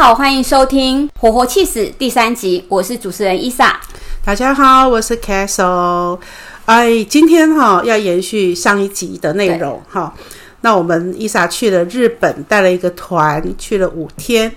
好，歡迎收聽《活活起司史》第三集，我是主持人伊莎。大家好，我是 Castle。哎，今天哈、哦、要延續上一集的內容哈對、哦。那我們伊莎去了日本，帶了一個團去了五天。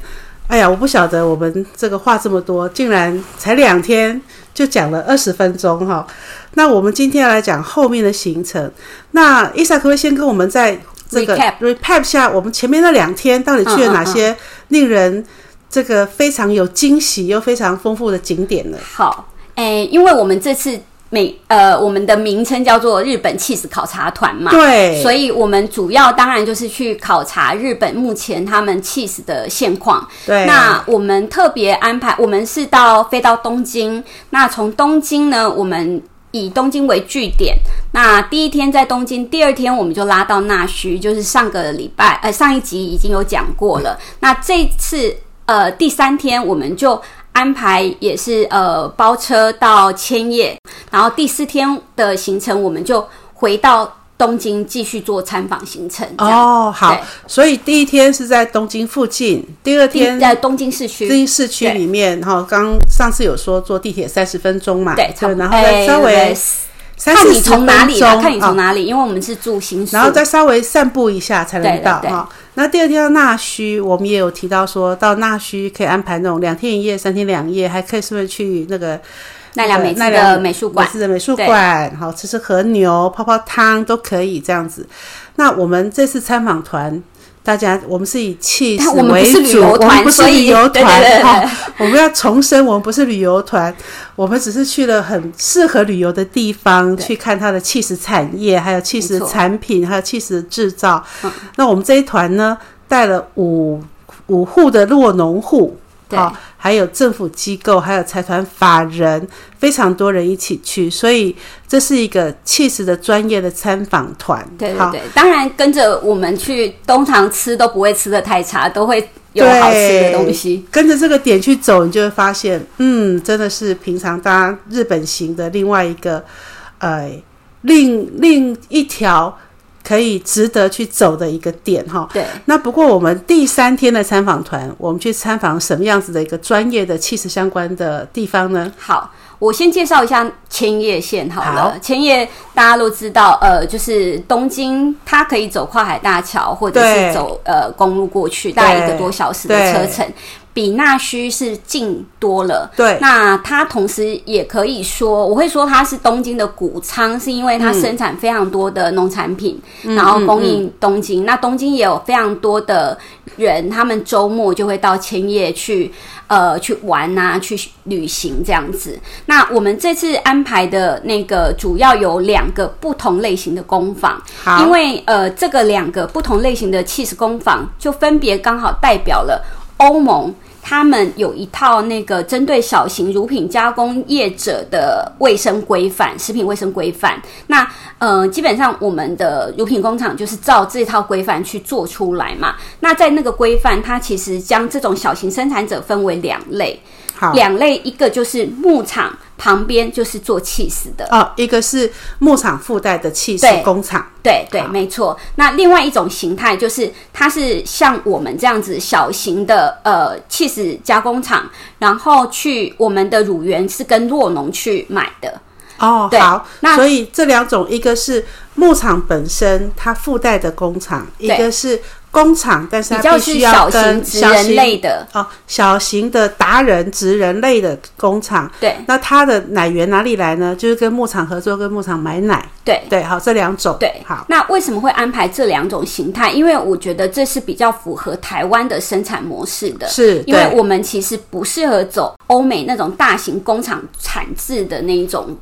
哎呀，我不曉得我們這個話這麼多，竟然才兩天就講了二十分鐘哈、哦。那我們今天來講後面的行程。那伊莎可不可以先跟我們在。這個 recap 下，我們前面那兩天到底去了哪些令人這個非常有驚喜又非常豐富的景點呢？嗯嗯嗯、好誒，因為我們這次每呃我們的名稱叫做日本起司考察團嘛，對，所以我們主要當然就是去考察日本目前他們起司的現況。對、啊，那我們特別安排，我們是到飛到東京，那從東京呢，我們。以東京為據點，那第一天在東京，第二天我們就拉到那須，就是上個禮拜，呃，上一集已經有講過了。那這次，呃，第三天我們就安排也是，呃，包車到千葉，然後第四天的行程我們就回到。東京繼續做參訪行程哦，好，對所以第一天是在東京附近，第二天在東京市區，東京市區裡面，對然後剛上次有說坐地鐵三十分鐘嘛，對，對然後再稍微三十分鐘看你從哪、啊、哪裡，看你從哪裡，因為我們是住新宿，然後再稍微散步一下才能到哈、哦。那第二天到那須，我們也有提到說到那須可以安排那種兩天一夜、三天兩夜，還可以是不是去那個。那個美術館，美智的美術館，好，吃吃和牛，泡泡湯都可以這樣子。那我們這次參訪團，大家，我們是以起司為主，我們不是旅游團，所以我們要重申，我們不是旅游團，我們只是去了很適合旅遊的地方，去看它的起司產業，還有起司產品，還有起司製造。那我們這一團呢，帶了五五戶的酪農戶。好、哦，還有政府機構，還有財團法人，非常多人一起去，所以這是一個起司的專業的參訪團。對對對，好當然跟着我們去通常吃都不會吃得太差，都會有好吃的東西。跟着這個點去走，你就會發現，嗯，真的是平常大家日本行的另外一個，呃，另另一條，可以值得去走的一個點哈，對。那不過我們第三天的參訪團，我們去參訪什麼樣子的一個專業的起司相關的地方呢？好，我先介紹一下千葉縣好了。好千葉大家都知道，呃，就是東京，它可以走跨海大橋，或者是走對呃公路過去，大概一個多小時的車程。比那須是近多了。對，那它同時也可以說，我會說它是東京的谷倉，是因為它生產非常多的農產品，嗯、然後供應東京。嗯嗯嗯、那東京也有非常多的人，他們週末就會到千葉去，呃，去玩啊，去旅行這樣子。那我們這次安排的那個主要有兩個不同類型的工坊，好因為呃，這個兩個不同類型的起司工坊就分別剛好代表了。歐盟他們有一套那個針對小型乳品加工業者的衛生規範，食品衛生規範。那呃，基本上我們的乳品工廠就是照這套規範去做出來嘛。那在那個規範，它其實將這種小型生產者分為兩類，好兩類一個就是牧場。旁邊就是做起司的啊、哦，一個是牧場附帶的起司工廠，對對，對對好沒錯。那另外一種形態就是，它是像我們這樣子小型的呃起司加工廠，然後去我們的乳源是跟酪農去買的哦。對好，那所以這兩種，一個是牧場本身它附帶的工廠，對一個是。工廠，但是它必須要小型職人類的小型，哦，小型的達人職人類的工廠，對，那它的奶源哪裡來呢？就是跟牧場合作，跟牧場買奶，對對，好，這兩種，對好。那為什麼會安排這兩種形態？因為我覺得這是比較符合台灣的生產模式的，是，因為我們其實不適合走歐美那種大型工廠產制的那一種。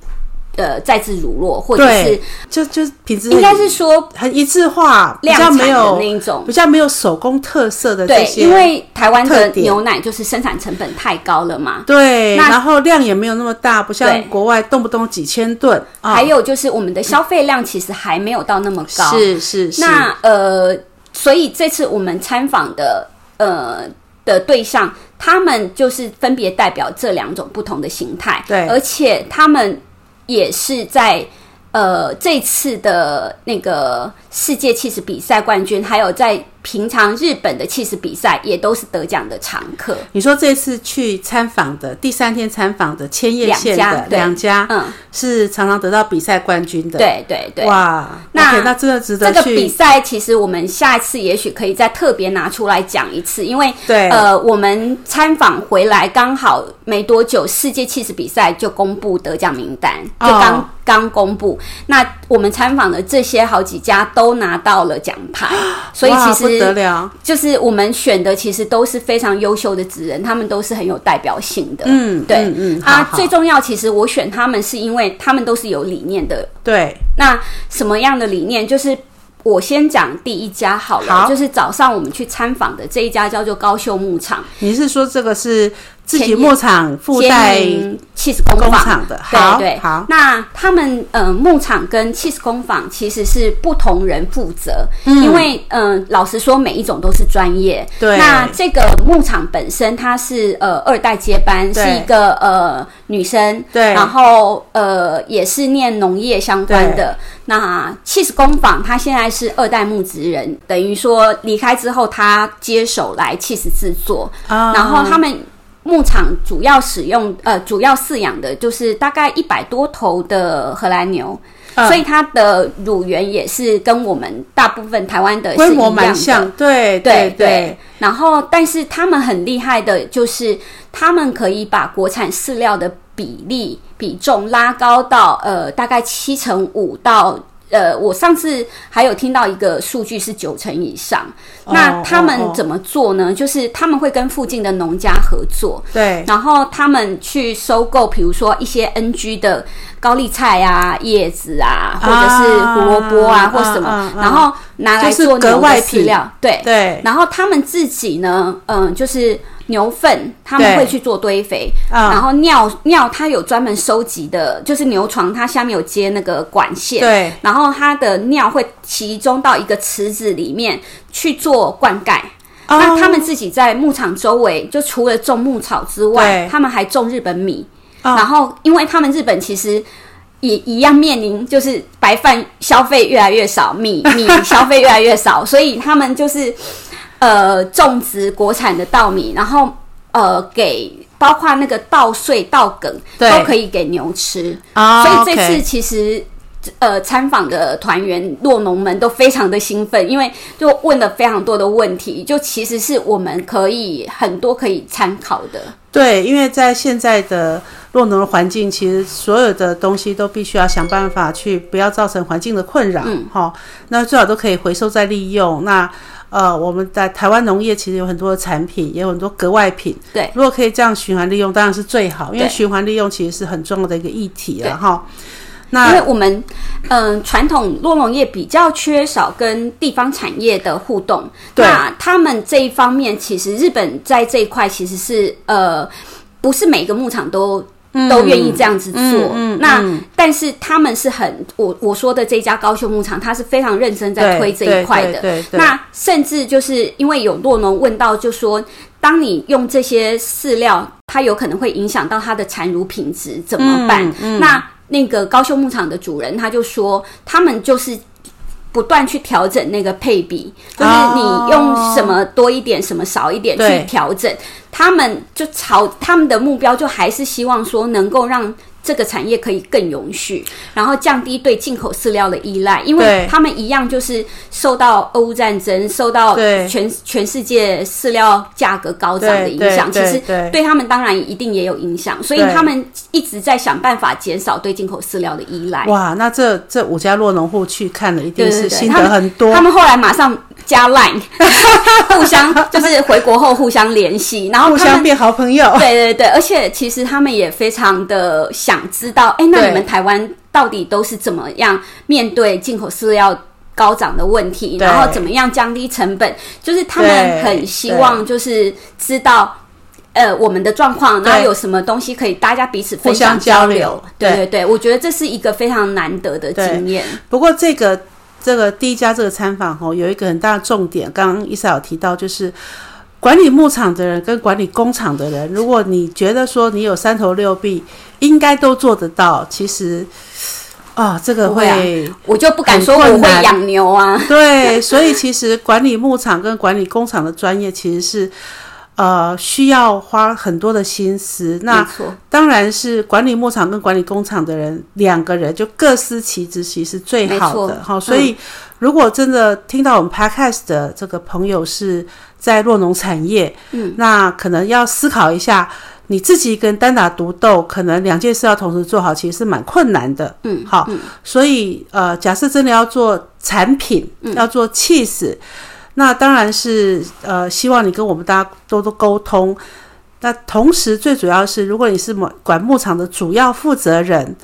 呃，再次乳酪或者是就就品質應該是說很一致化，量比較沒有那一種比較沒有手工特色的這些特別。對，因為台灣的牛奶就是生產成本太高了嘛。對，那然後量也沒有那麼大，不像國外動不動幾千噸。對哦、還有就是我們的消費量其實還沒有到那麼高。是是、嗯、是。是是那呃，所以這次我們參訪的呃的對象，他們就是分別代表這兩種不同的形態。對，而且他們。也是在呃這次的那個世界起司比賽冠軍，還有在。平常日本的起司比賽也都是得獎的常客。你說這次去參訪的第三天參訪的千葉縣的兩家，兩家嗯，是常常得到比賽冠軍的。對對對，對對哇，那 okay, 那真的值得。這個比賽其實我們下一次也許可以再特別拿出來講一次，因為對，呃，我們參訪回來剛好沒多久，世界起司比賽就公布得獎名單，就剛、哦、剛公布。那我們參訪的這些好幾家都拿到了獎牌，哇所以其實。得了，就是我們選的其實都是非常優秀的職人，他們都是很有代表性的。嗯，對嗯，嗯，啊，好好，最重要其實我選他們是因為他們都是有理念的。對，那什麼樣的理念？就是我先講第一家好了，好，就是早上我們去參訪的這一家叫做高秀牧場。你是說這個是？自己牧場附帶起司工坊工的，好對對。好那他們嗯、呃，牧場跟起司工坊其實是不同人負責，嗯、因為嗯、呃、老實說每一種都是專業。對。那這個牧場本身它是呃二代接班對是一個呃女生，對。然後呃也是念農業相關的。對那起司工坊他現在是二代牧職人，等於說離開之後他接手來起司制作，哦、然後他們。牧場主要使用呃，主要飼養的就是大概一百多頭的荷蘭牛，嗯，所以它的乳源也是跟我們大部分台灣的規模蠻像。對對對，對對然後但是他們很厲害的就是，他們可以把國產飼料的比例比重拉高到呃大概七成五到。呃，我上次還有聽到一個數據是九成以上，那他們怎麼做呢？Oh, oh, oh. 就是他們會跟附近的農家合作，對，然後他們去收購，比如說一些 NG 的高麗菜啊、葉子啊，或者是胡蘿蔔啊、ah, 或什麼，ah, ah, ah, 然後拿來做牛的飼料，對對，對然後他們自己呢，嗯，就是。牛糞他們會去做堆肥，嗯、然後尿尿，它有專門收集的，就是牛床，它下面有接那個管線，對，然後它的尿會集中到一個池子裡面去做灌溉。哦、那他們自己在牧場周圍，就除了種牧草之外，對他們還種日本米。哦、然後，因為他們日本其實也一樣面臨，就是白飯消費越來越少，米米消費越來越少， 所以他們就是。呃，種植國產的稻米，然後呃，給包括那個稻穗，稻梗對都可以給牛吃。啊，oh, 所以這次其實 okay. 呃，參訪的團員酪農們都非常的興奮，因為就問了非常多的問題，就其實是我們可以很多可以參考的。對，因為在現在的酪農的環境，其實所有的東西都必須要想辦法去不要造成環境的困擾。哈、嗯哦，那最好都可以回收再利用。那呃，我們在台灣農業其實有很多的產品，也有很多格外品。對，如果可以這樣循環利用，當然是最好。對因為循環利用其實是很重要的一個議題了、啊、哈。對那因為我們嗯，傳、呃、統酪農業比較缺少跟地方產業的互動。對，那他們這一方面，其實日本在這一塊其實是呃，不是每一個牧場都。嗯、都願意這樣子做。嗯嗯嗯、那但是他們是很我我說的這家高秀牧場，他是非常認真在推這一塊的。對對對對，那甚至就是因為有酪農問到就，就說當你用這些飼料，它有可能會影響到它的產乳品質，怎麼辦？嗯嗯、那那個高秀牧場的主人他就說，他們就是。不斷去調整那個配比，就是你用什麼多一點，oh. 什麼少一點去調整。對他們就朝他們的目標，就還是希望說能夠讓，這個產業可以更永續，然後降低對進口飼料的依賴，因為他們一樣就是受到俄烏戰爭、受到全對全世界飼料價格高漲的影響，其實對他們當然一定也有影響，對所以他們一直在想辦法減少對進口飼料的依賴。哇，那這這五家酪農戶去看了一定是心得很多，對對對，他們他們後來馬上。加 Line，互相就是回國後互相聯繫，然後互相變好朋友。對對對，而且其實他們也非常的想知道，哎對、欸，那你們台灣到底都是怎麼樣面對進口飼料高漲的問題，對然後怎麼樣降低成本？就是他們很希望就是知道，對呃，我們的狀況，然後有什麼東西可以大家彼此分享，對互相交流。對對對，對對對，我覺得這是一個非常難得的經驗。不過這個。這個第一家這個參訪、哦、有一個很大的重點，剛剛伊莎有提到，就是管理牧場的人跟管理工廠的人，如果你覺得說你有三頭六臂，應該都做得到。其實，啊、哦，這個會，我就不敢說我會養牛啊。對，所以其實管理牧場跟管理工廠的專業，其實是。呃，需要花很多的心思。那沒錯，當然是管理牧場跟管理工廠的人兩個人就各司其職，其實是最好的哈，沒錯、哦。所以，嗯、如果真的聽到我們 podcast 的這個朋友是在酪農產業，嗯，那可能要思考一下，你自己跟單打獨鬥，可能兩件事要同時做好，其實是蠻困難的。嗯，好、哦，嗯、所以呃，假設真的要做產品，嗯、要做起司。那當然是，呃，希望你跟我們大家多多溝通。那同時，最主要是，如果你是牧管牧場的主要負責人，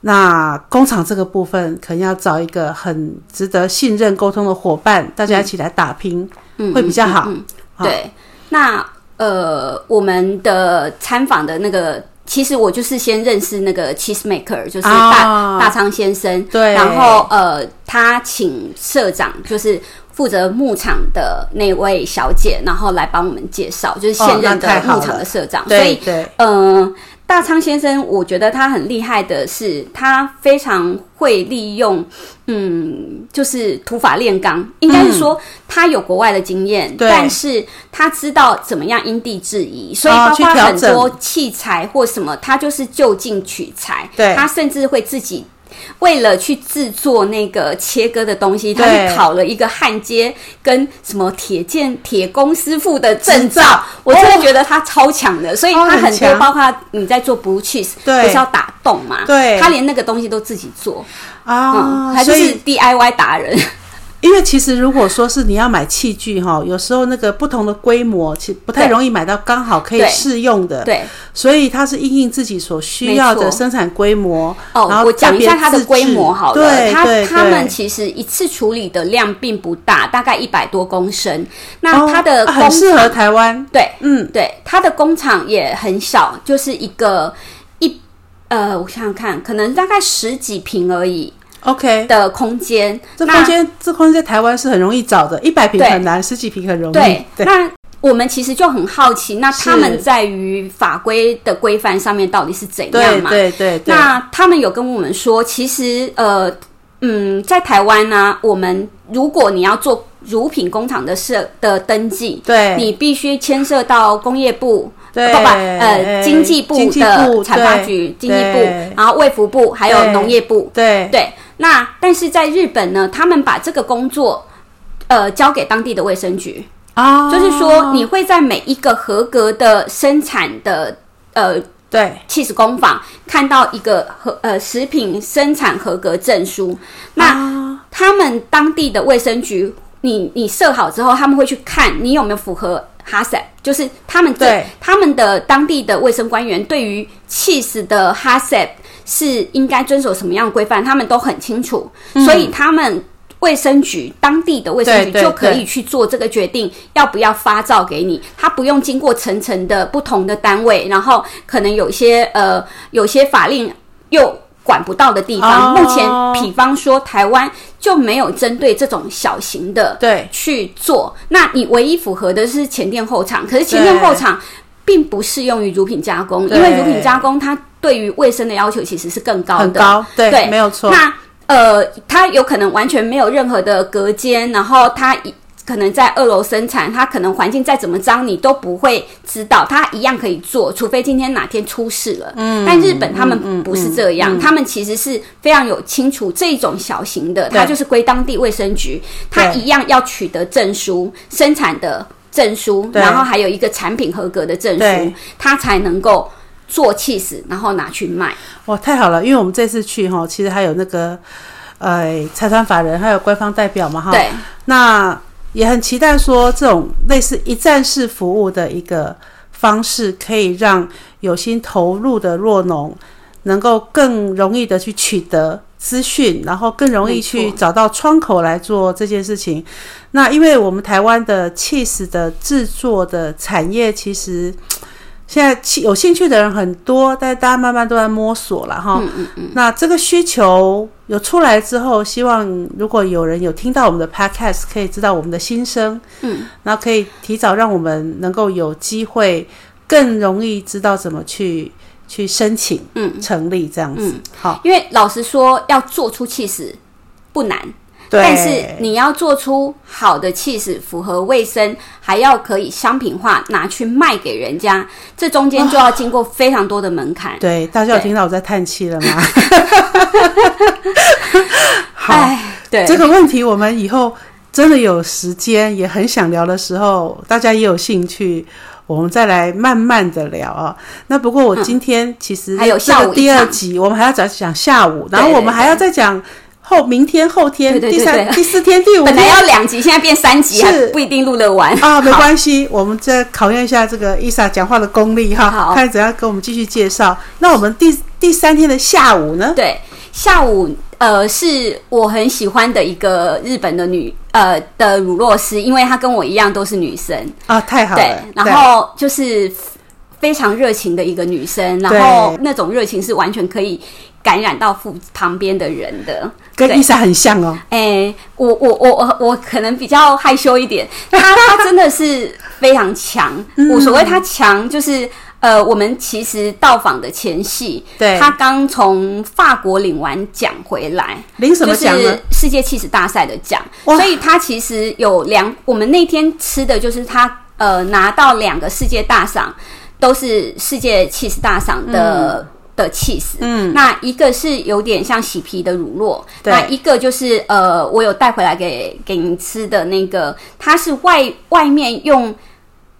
那工廠這個部分，可能要找一個很值得信任、溝通的夥伴，大家一起來打拼，嗯，會比較好。對。那呃，我們的參訪的那個，其實我就是先認識那個 Cheese Maker，就是大、哦、大倉先生。對。然後呃，他請社長就是。負責牧場的那位小姐，然後來幫我們介紹，就是現任的牧場的社長。哦、對對，所以，嗯、呃，大昌先生，我覺得他很厲害的是，他非常會利用，嗯，就是土法煉鋼，應該是說、嗯、他有國外的經驗，對但是他知道怎麼樣因地制宜，所以包括很多器材或什麼，哦、他就是就近取材，對他甚至會自己。為了去製作那個切割的東西，他去考了一個焊接跟什麼鐵件鐵工師傅的證照。對我真的覺得他超強的，所以他很多，包括你在做 blue cheese< 對>，不是要打洞嘛？對，他連那個東西都自己做啊，嗯、他就是 DIY 達人。因為其實如果說是你要買器具哈，有時候那個不同的規模，其實不太容易買到剛好可以適用的。對，對對，所以它是因應自己所需要的生產規模。哦，我講一下它的規模好了，對對對它。它們其實一次處理的量並不大，大概一百多公升。那它的工、哦、很適合台灣。對，嗯，對，它的工廠也很小，就是一個一呃，我想想看，可能大概十幾坪而已。OK 的空間，這空間這空間在台灣是很容易找的，一百平很難，十幾平很容易。對，那我們其實就很好奇，那他們在於法規的規範上面到底是怎樣嘛？對對對。那他們有跟我們說，其實呃嗯，在台灣呢，我們如果你要做乳品工廠的設的登記，對，你必須牽涉到工業部，不不，呃，經濟部的產發局、經濟部，然後衛福部，還有農業部，對對。那但是在日本呢，他們把這個工作，呃，交給當地的衛生局啊，oh. 就是說你會在每一個合格的生產的呃對氣 h 工坊看到一個合呃食品生產合格證書。Oh. 那、oh. 他們當地的衛生局，你你設好之後，他們會去看你有沒有符合。HACCP, 就是他們對他們的當地的衛生官員對於起司的 HACCP 是應該遵守什麼樣的規範，他們都很清楚，嗯、所以他們衛生局當地的衛生局就可以去做這個決定，對對對，要不要發照給你，他不用經過層層的不同的單位，然後可能有些呃有些法令又管不到的地方，哦、目前比方說台灣。就沒有針對這種小型的對去做，對那你唯一符合的是前店後廠，可是前店後廠並不適用於乳品加工，對因為乳品加工它對於衛生的要求其實是更高的，對對，對沒有錯。那呃，它有可能完全沒有任何的隔間，然後它一。可能在二樓生產，他可能環境再怎麼髒，你都不會知道，他一樣可以做，除非今天哪天出事了。嗯，但日本他們不是這樣，嗯嗯嗯嗯、他們其實是非常有清楚這種小型的，對它就是歸當地衛生局，他一樣要取得證書，對生產的證書，對然後還有一個產品合格的證書，他對才能夠做起司，然後拿去賣。哇，太好了，因為我們這次去哈，其實還有那個呃，財團法人還有官方代表嘛哈，對，那。也很期待說，這種類似一站式服務的一個方式，可以讓有心投入的酪農能夠更容易的去取得資訊，然後更容易去找到窗口來做這件事情。沒錯。那因為我們台灣的 cheese 的制作的產業，其實，現在有興趣的人很多，但大家慢慢都在摸索了哈。嗯嗯嗯、那這個需求有出來之後，希望如果有人有聽到我們的 podcast，可以知道我們的心聲，嗯，那可以提早讓我們能夠有機會，更容易知道怎麼去去申請，嗯，成立這樣子。嗯嗯、好，因為老實說，要做出起司不難。對但是你要做出好的起司，符合衛生，還要可以商品化拿去賣給人家，這中間就要經過非常多的門檻。哦、對，大家有聽到我在嘆氣了嗎？對 好，對這個問題，我們以後真的有時間，也很想聊的時候，大家也有興趣，我們再來慢慢的聊啊。那不過我今天其實、嗯、還有下午第二集，我們還要講講下午，對對對，然後我們還要再講。後，明天後天對對對對，第三、第四天、第五天本來要兩集，現在變三集，啊，還是不一定錄得完啊。沒關係，好我們再考驗一下這個 Isa 講話的功力哈，好看怎樣跟我們繼續介紹。那我們第第三天的下午呢？對，下午呃是我很喜歡的一個日本的女呃的乳酪師，因為她跟我一樣都是女生啊，太好了。對，然後就是。非常熱情的一個女生，然後那種熱情是完全可以感染到附旁邊的人的，對對跟 Isa 很像哦。哎、欸，我我我我我可能比較害羞一點，她她真的是非常強。我 所謂，她強就是、嗯、呃，我們其實到訪的前夕，對她剛從法國領完獎回來，領什麼獎呢？就是世界起司大賽的獎，哇所以她其實有兩，我們那天吃的就是她呃拿到兩個世界大賞。都是世界氣 h 大賞的的氣 h 嗯，嗯那一個是有點像喜皮的乳酪，對那一個就是呃，我有帶回來給給您吃的那個，它是外外面用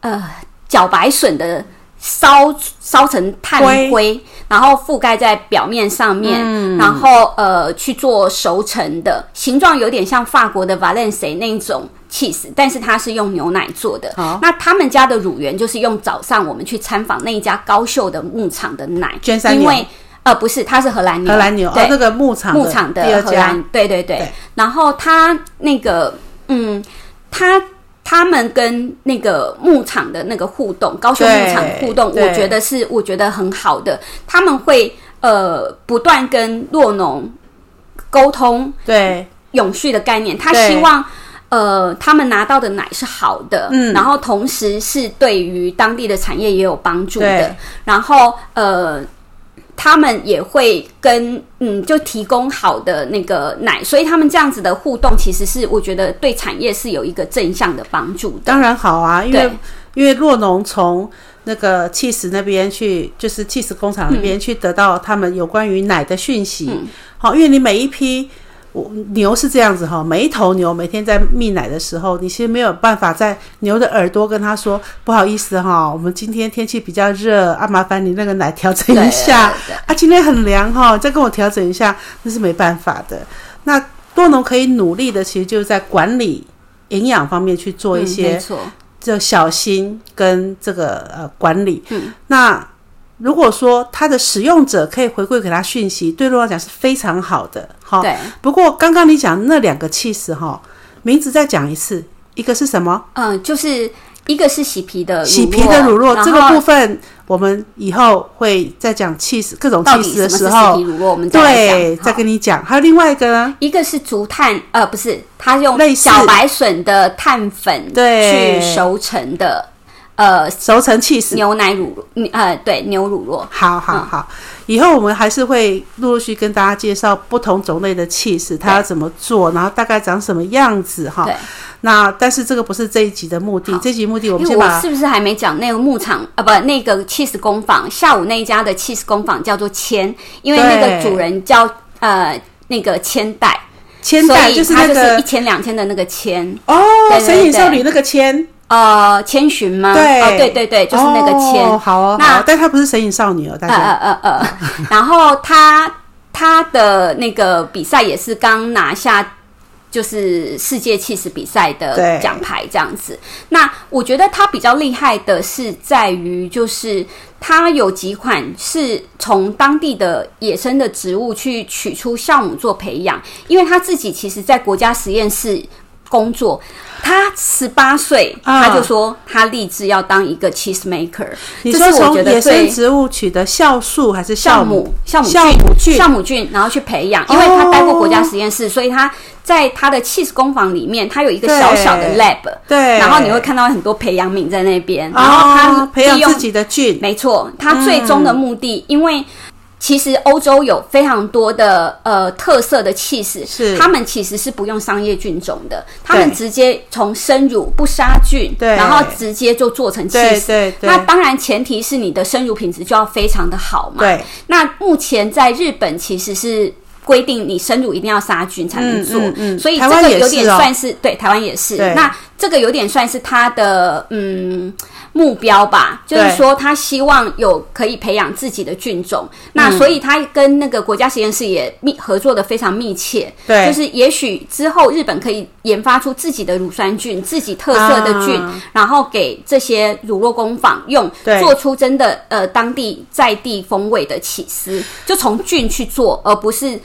呃茭白筍的。燒燒成炭灰，龜然後覆蓋在表面上面，嗯、然後呃去做熟成的，形狀有點像法國的 Valençay 那種 cheese，但是它是用牛奶做的。好、哦，那他們家的乳源就是用早上我們去參訪那一家高秀的牧場的奶，因為呃不是，它是荷蘭牛，荷蘭牛，對、哦，那個牧場牧場的荷蘭，對對對，對然後它那個嗯，它。他們跟那個牧場的那個互動，高雄牧場的互動，我覺得是我覺得很好的。他們會呃不斷跟酪農溝通，對永續的概念，他希望呃他們拿到的奶是好的，然後同時是對於當地的產業也有幫助的，然後呃。他們也會跟嗯，就提供好的那個奶，所以他們這樣子的互動，其實是我覺得對產業是有一個正向的幫助的。當然好啊，因為對因為酪農從那個起司那邊去，就是起司工廠那邊去得到他們有關於奶的訊息。好、嗯，嗯、因為你每一批。我牛是這樣子哈，每一頭牛每天在泌奶的時候，你其實沒有辦法在牛的耳朵跟他說不好意思哈，我們今天天氣比較熱啊，麻煩你那個奶調整一下啊，今天很涼哈，再跟我調整一下，那是沒辦法的。那多農可以努力的，其實就是在管理營養方面去做一些，嗯、就小心跟這個呃管理。嗯，那。如果說它的使用者可以回饋給他訊息，對乳來講是非常好的。哈，對。不過剛剛你講那兩個 cheese 哈，名字再講一次，一個是什麼？嗯，就是一個是洗皮的乳酪，洗皮的乳酪，後這個部分我們以後會再講 cheese 各種 cheese 的時候，對，再跟你講。好還有另外一個呢？一個是竹炭，呃，不是，它用小白筍的碳粉對去熟成的。呃，熟成起司牛奶乳呃，對，牛乳酪。好好好，以後我們還是會陸陸續跟大家介紹不同種類的起司，它要怎麼做，然後大概長什麼樣子哈。對。那但是這個不是這一集的目的，這集目的我們先把，是不是還沒講那個牧場啊？不，那個起司工坊下午那一家的起司工坊叫做千，因為那個主人叫呃那個千代千代，就是那個一千兩千的那個千哦，神隱少女那個千。呃，千尋嗎？對、哦，對對對，就是那個千。哦好哦。那，但他不是神隱少女了，但是呃呃呃 然後他他的那個比賽也是剛拿下，就是世界起司比賽的獎牌這樣子。對那我覺得他比較厲害的是在於，就是他有幾款是從當地的野生的植物去取出酵母做培養，因為他自己其實，在國家實驗室。工作，他十八歲，嗯、他就說他立志要當一個 cheese maker。你說從野生植物取得酵素還是酵母？酵母，酵母菌，酵母菌，酵母菌，然後去培養。哦、因為他待過國家實驗室，所以他在他的 cheese 工坊裡面，他有一個小小的 lab 對。對，然後你會看到很多培養皿在那邊。然後他、哦、培養自己的菌。沒錯，他最終的目的，嗯、因為。其實歐洲有非常多的呃特色的起司，是他們其實是不用商業菌種的，對他們直接從生乳不殺菌，對然後直接就做成起司。那當然前提是你的生乳品質就要非常的好嘛。對。那目前在日本其實是規定你生乳一定要殺菌才能做，嗯、嗯、嗯所以這個有點算是，台灣也是哦，對，台灣也是。對那這個有點算是它的嗯。目標吧，就是說他希望有可以培養自己的菌種，對那所以他跟那個國家實驗室也密合作得非常密切。對，就是也許之後日本可以研發出自己的乳酸菌、自己特色的菌，啊、然後給這些乳酪工坊用，對做出真的呃當地在地風味的起司，就從菌去做，而不是。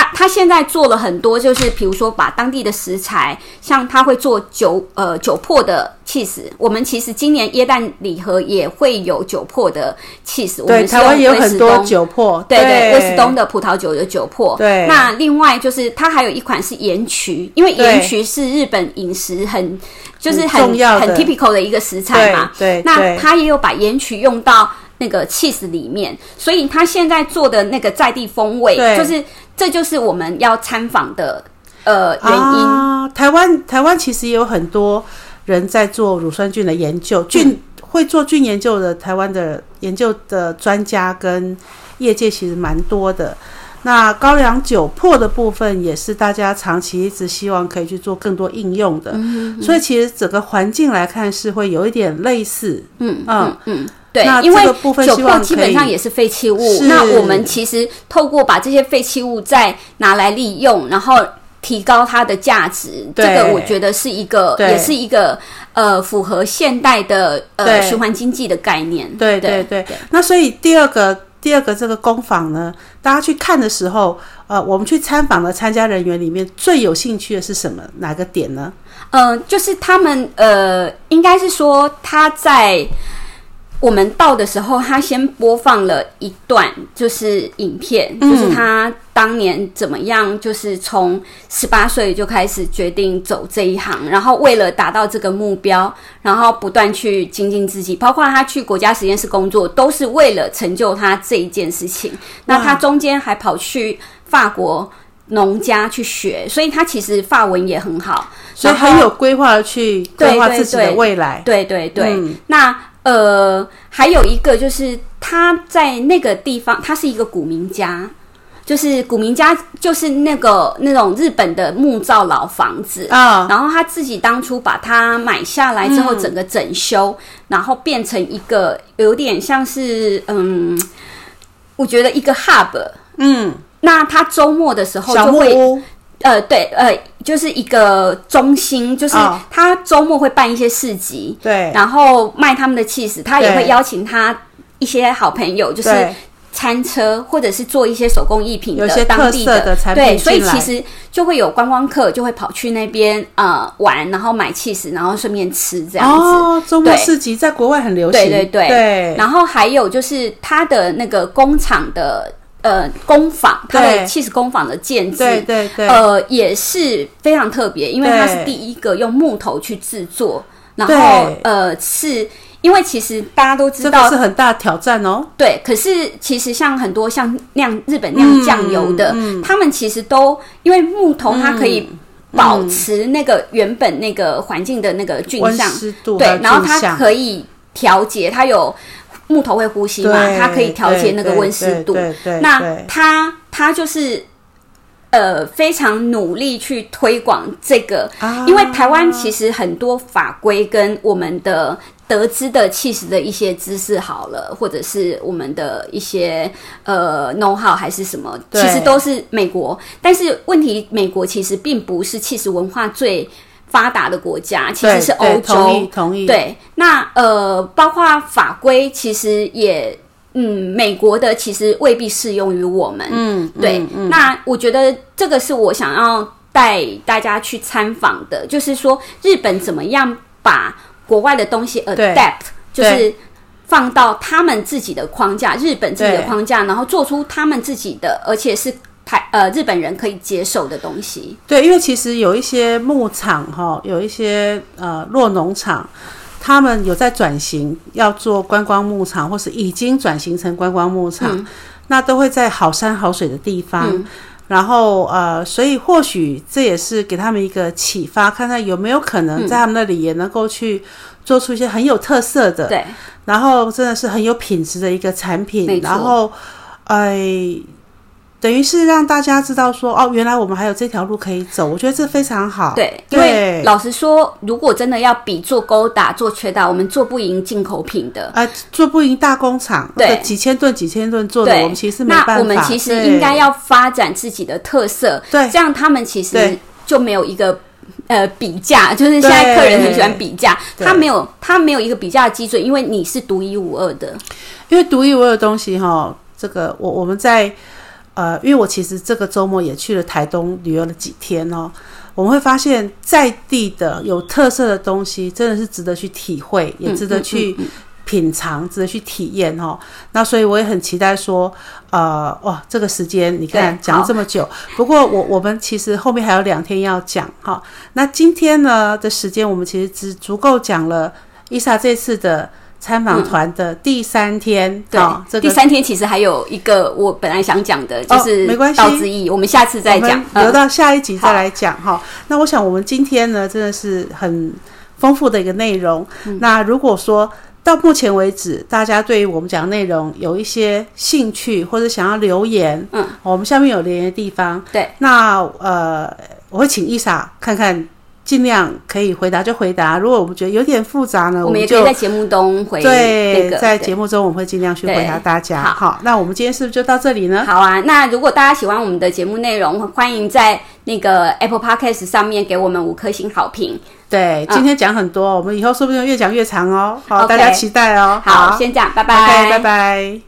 啊、他現在做了很多，就是比如說把當地的食材，像他會做酒呃、酒粕的 cheese。我們其實今年耶誕禮盒也會有酒粕的 cheese。對，我們台灣有很多酒粕。對對，威士東的葡萄酒有酒粕。對。那另外就是他還有一款是鹽曲，因為鹽曲是日本飲食很對就是很很，很 typical 的一個食材嘛。對。對那他也有把鹽曲用到那個 cheese 裡面，所以他現在做的那個在地風味對就是。這就是我們要參訪的，呃，原因。啊、台灣台灣其實也有很多人在做乳酸菌的研究，嗯、菌會做菌研究的台灣的研究的專家跟業界其實蠻多的。那高粱酒粕的部分，也是大家長期一直希望可以去做更多應用的。嗯嗯嗯。所以，其實整個環境來看，是會有一點類似。嗯嗯嗯。嗯對，因為酒粕基本上也是廢棄物，那我們其實透過把這些廢棄物再拿來利用，然後提高它的價值，這個我覺得是一個，也是一個呃符合現代的呃循環經濟的概念。對對對。那所以第二個第二個這個工坊呢，大家去看的時候，呃，我們去參訪的參加人員裡面最有興趣的是什麼？哪個點呢？嗯，就是他們呃，應該是說他在。我們到的時候，他先播放了一段，就是影片，嗯、就是他當年怎麼樣，就是從十八歲就開始決定走這一行，然後為了達到這個目標，然後不斷去精進自己，包括他去國家實驗室工作，都是為了成就他這一件事情。那他中間還跑去法國農家去學，所以他其實法文也很好，所以很有規劃去規劃自己的未來。對對對，對對對嗯、那。呃，還有一個就是他在那個地方，他是一個古民家，就是古民家，就是那個那種日本的木造老房子啊。哦、然後他自己當初把它買下來之後，整個整修，嗯、然後變成一個有點像是嗯，我覺得一個 hub。嗯，那他周末的時候就會。呃，對，呃，就是一個中心，就是他周末會辦一些市集，哦、對，然後賣他們的起司，他也會邀請他一些好朋友，對就是餐車或者是做一些手工藝品的，有些特色的產品的，對，所以其實就會有觀光客就會跑去那邊呃，玩，然後買起司，然後順便吃這樣子。哦，周末市集在國外很流行，對，對對對。對，然後還有就是他的那個工廠的。呃，工坊，它的起司工坊的建制，對對對對呃，也是非常特別，因為它是第一個用木頭去製作，對然後呃，是因為其實大家都知道這是很大的挑戰哦。對，可是其實像很多像釀日本釀醬油的，他、嗯嗯、們其實都因為木頭它可以保持那個原本那個環境的那個菌相。對，然後它可以調節，它有。木頭會呼吸嘛？對它可以調節那個溫濕度。對對對對對那他他就是呃，非常努力去推廣這個，啊、因為台灣其實很多法規跟我們的得知的起司的一些知識好了，或者是我們的一些呃 know-how 還是什麼，對其實都是美國。但是問題，美國其實並不是起司文化最。發達的國家其實是歐洲，對，同意，那呃，包括法規其實也，嗯，美國的其實未必適用於我們，嗯，對，嗯嗯、那我覺得這個是我想要帶大家去參訪的，就是說日本怎麼樣把國外的東西 adapt，就是放到他們自己的框架，日本自己的框架，對然後做出他們自己的，而且是。還呃，日本人可以接受的東西。對，因為其實有一些牧場哈、哦，有一些呃酪農場，他們有在轉型，要做觀光牧場，或是已經轉型成觀光牧場，嗯、那都會在好山好水的地方。嗯、然後呃，所以或許這也是給他們一個啟發，看看有沒有可能在他們那裡也能夠去做出一些很有特色的，對、嗯，然後真的是很有品質的一個產品。錯然後，哎、呃。等於是讓大家知道說哦，原來我們還有這條路可以走，我覺得這非常好。對，對因為老實說，如果真的要比做高達、做切達，我們做不贏進口品的。呃、做不贏大工廠，對，幾，幾千噸、幾千噸做的，對我們其實沒辦法。那我們其實應該要發展自己的特色，對，對這樣他們其實就沒有一個呃比價，就是現在客人很喜歡比價，對他沒有他沒有一個比價的基準，因為你是獨一無二的。因為獨一無二的東西，哈，這個我我們在。呃，因為我其實這個周末也去了台東旅遊了幾天哦，我們會發現在地的有特色的東西，真的是值得去體會，也值得去品嘗，嗯嗯嗯、值得去體驗哦，那所以我也很期待說，呃，哇，這個時間你看講了這麼久，不過我我們其實後面還有兩天要講哈、哦。那今天的呢的時間，我們其實只足夠講了伊莎這次的。參訪團的第三天，嗯、對，哦這個、第三天其實還有一個我本來想講的，就是、哦、沒關係道之意，我們下次再講，留到下一集、嗯、再來講哈好、哦。那我想我們今天呢，真的是很豐富的一個內容。嗯、那如果說到目前為止，大家對於我們講的內容有一些興趣或者想要留言，嗯、哦，我們下面有留言的地方，對，那呃，我會請伊、e、莎看看。盡量可以回答就回答，如果我們覺得有點複雜呢，我們也可以在節目中回答、那個。對，在節目中我們會盡量去回答大家。好，好，那我們今天是不是就到這裡呢？好啊，那如果大家喜歡我們的節目內容，歡迎在那個 Apple Podcast 上面給我們五顆星好評。對，今天講很多，嗯、我們以後說不定越講越長哦。好，okay, 大家期待哦。好，好先這樣，拜拜，拜拜、okay。